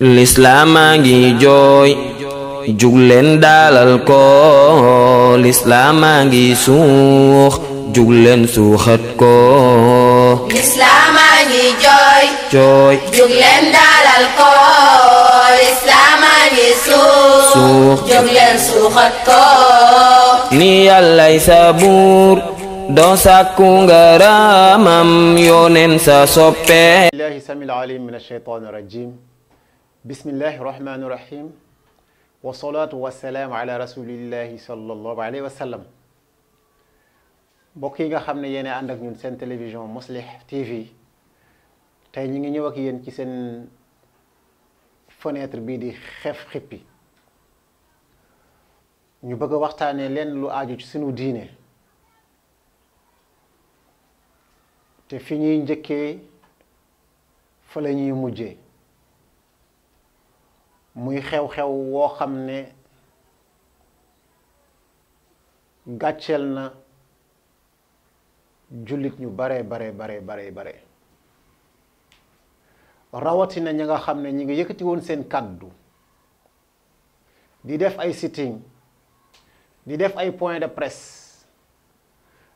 lislaamaa ngi jooy jugleen daalal ko lislaamaa ngi suux jugleen suuxat suux suux ko ni yàllay sa buur doo sàkku ngaramam yooneen sa soppe billahi samil alim min ashaytaani rajim bismillahi rahmaani rahim wasalaatu wasalaam ala rasulillahi sallallahu alayhi wa mbokk yi nga xam ne yéen a ànd ak ñun seen télévision Mouslih TV tey ñu ngi ñëw ak yéen ci seen fenêtre bii di xef xippi ñu bëgg a waxtaanee leen lu aaju ci sunu diine te fi ñuy njëkkee fala la ñuy mujjee muy xew-xew woo xam ne gàcceel na jullit ñu bare bare bare bare bare rawatina ñi nga xam ne ñu ngi yëkkati woon seen kàddu di def ay sitting di def ay point de presse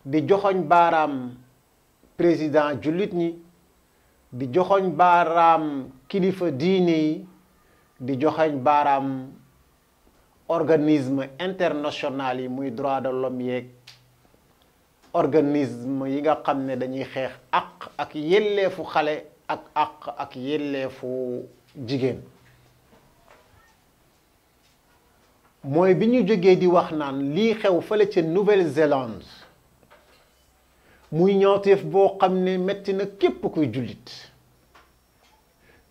di joxoñ baaraam président jullit ñi di joxoñ baaraam kilifa diine yi di joxañ baaraam organisme international yi muy droit de l'homme yeeg organisme yi nga xam ne dañuy xeex àq ak yelleefu xale ak àq ak yelleefu jigéen mooy bi ñu jógee di wax naan lii xew fële ca Nouvelle-Zélande muy ñaawteef boo xam ne metti na képp kuy jullit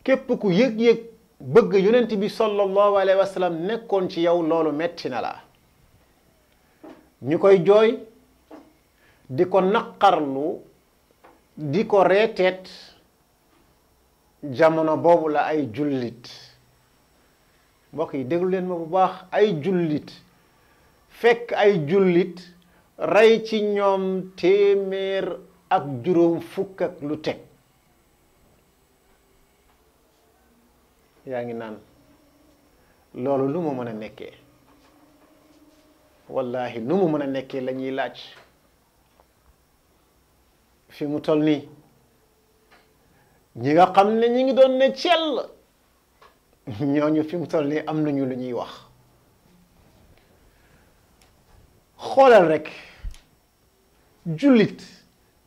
képp ku yég yëg bëgg yonent bi sallallahu alayhi wa sallam nekkoon ci yow loolu metti na la ñu koy jooy di ko naqarlu di ko reeteet jamono boobu la ay jullit mbokk yi déglu leen ma bu baax ay jullit fekk ay jullit rey ci ñoom téeméer ak juróom fukk ak lu teg yaa ngi naan loolu nu mu mën a nekkee wallahi nu mu mën a nekkee la ñuy laaj fi mu toll nii ñi nga xam ne ñi ngi doon ne cell ñooñu fi mu toll nii am nañu lu ñuy wax xoolal rek jullit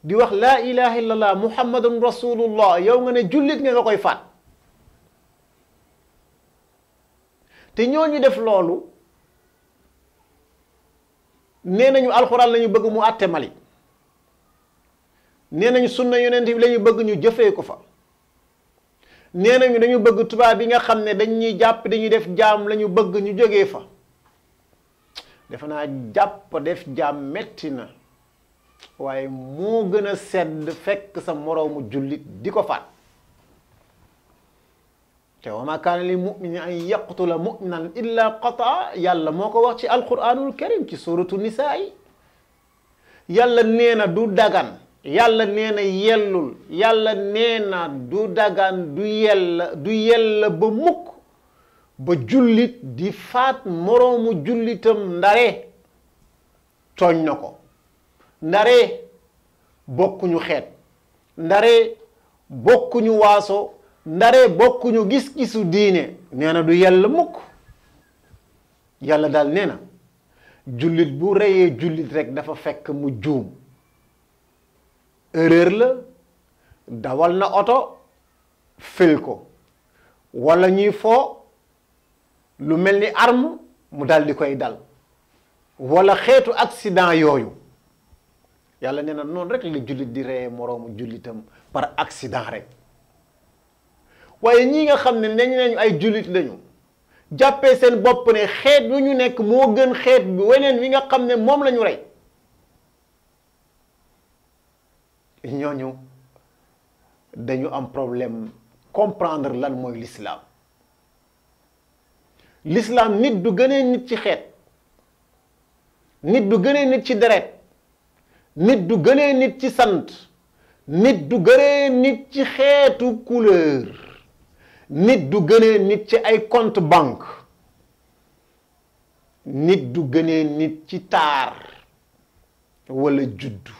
di wax laa ilaha illallah muhammadun rasulullah yow nga ne jullit nga nga koy faat te ñoo ñu def loolu nee nañu alxuraan lañu bëgg mu àtte Mali nee nañu sunna yonent bi lañu bëgg ñu jëfee ko fa nee nañu dañu bëgg tubaab yi nga xam ne dañuy jàpp dañuy def jaam lañu bëgg ñu jóge fa defe naa jàpp def jaam metti na waaye moo gën a sedd fekk sa moroomu jullit di ko faat te wa maa kaana li muminin an yaqtula muminan illa qataa yàlla moo ko wax ci alquranul karim ci suratu nisaa yi yàlla nee du daggan yàlla nee na yellul yàlla nena du dagan du yella du yella ba mukk ba jullit di faat moroomu jullitam ndare tooñ ko ndare bokkuñu xeet ndare bokkuñu waaso ndare bokkuñu gis-gisu diine nee du yàlla mukk yàlla daal nee na jullit bu reyee jullit rek dafa fekk mu juum erreur la dawal na oto fil ko wala ñuy foo lu mel ni arm mu daldi koy dal wala xeetu accident yooyu yàlla nee na noonu rek la jullit di reyee moroomu jullitam par accident rek waaye ñii nga xam ne nañ nañu ay jullit lañu jàppee seen bopp ne xeet yu ñu nekk moo gën xeet bi weneen wi nga xam ne moom lañu ñu rey ñooñu dañu am problème comprendre lan mooy l'islam l'islam nit du gënee nit ci xeet nit du gënee nit ci deret nit du gënee nit ci sant nit du gëna nit ci xeetu couleur nit du gënee nit ci ay compte banque nit du gënee nit ci taar wala juddu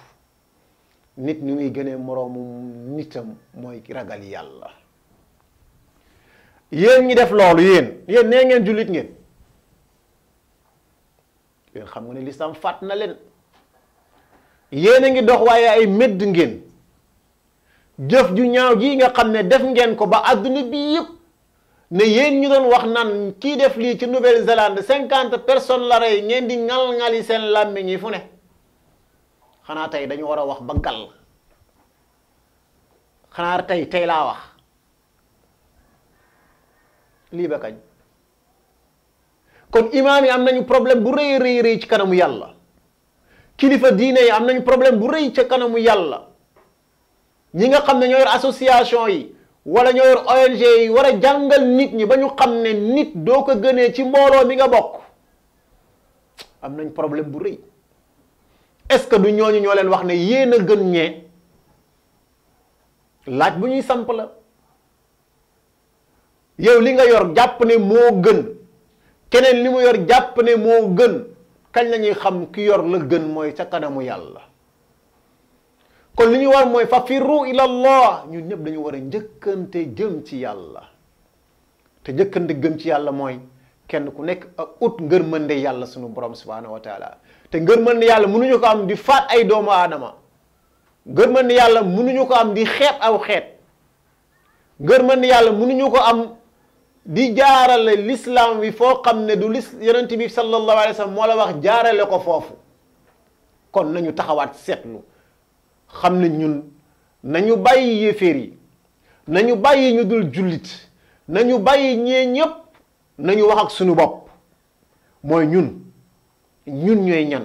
nit ni muy gënee moroomum nitam mooy ragal yàlla yéen ñi def loolu yéen yéen nee ngeen jullit ngeen yéen xam nga ne lislaam fàtt na leen yéen a ngi dox waaye ay médd ngeen jëf ju ñaaw ji nga xam ne def ngeen ko ba adduna bi yëpp ne yéen ñu doon wax nan kii def lii ci Nouvelle-Zélande cinquante personne la rey ngeen di ŋal-ŋali seen làmmiñ yi fu ne xanaa tey dañu war a wax ba gal xanaa tey tey laa wax lii ba kañ kon imaam yi am nañu problème bu rëy rëy ci kanamu yàlla kilifa diine yi am nañu problème bu rëy ca kanamu yàlla ñi nga xam ne ñoo yor association yi wala ñoo yor ONG yi war a jàngal nit ñi ba ñu xam ne nit doo ko gënee ci mbooloo mi nga bokk am nañ problème bu rëy est-ce que du ñooñu ñoo leen wax ne yéen a gën ñee laaj bu ñuy samp la yow li nga yor jàpp ne moo gën keneen li mu yor jàpp ne moo gën kañ la xam ki yor la gën mooy ca kanamu yàlla. kon li ñu war mooy fa firru ila allah ñun ñëpp dañu war a njëkkante jëm ci yàlla te njëkkante gëm ci yàlla mooy kenn ku nekk ak ut ngërmande yàlla sunu borom subhanahu wa taala te ngërmande yàlla mënuñu ko am di faat ay doomu aadama ngërmande yàlla mënuñu ko am di xeet aw xeet ngërmande yàlla mënuñu ko am di jaarale l'islam wi foo xam ne du lis yonent bi sallallahu alayhi wa sallam moo la wax jaarale ko foofu kon nañu taxawaat seetlu xam ne ñun nañu bàyyi yéeféer yi nañu bàyyi ñu dul jullit nañu bàyyi ñee ñépp nañu wax ak suñu bopp mooy ñun ñun ñooy ñan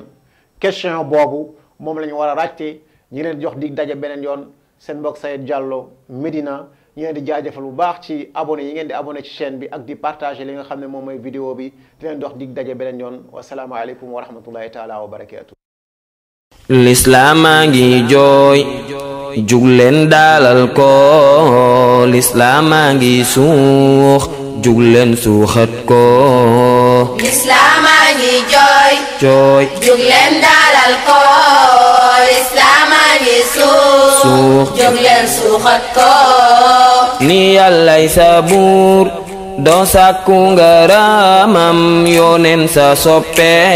question boobu moom la ñu war a ràcce ñi leen jox dig daje beneen yoon seen mbokk Sayed Diallo Medina ñu leen di jaajëfal bu baax ci abonné yi ngeen di abonné ci chaîne bi ak di partager li nga xam ne moom mooy vidéo bi di leen dox dig daje beneen yoon wasalaamaaleykum wa rahmatullahi taala wa barakaatu. lislaamaa ngi jooy ngi suux jugleen suuxat ko lislaamaa ngi jooy jooy jugleen daalal ko lislaamaa ngi suux suux jugleen suuxat ko ni yàllay sabuur doo sàkku ngaramam yooneen sa soppe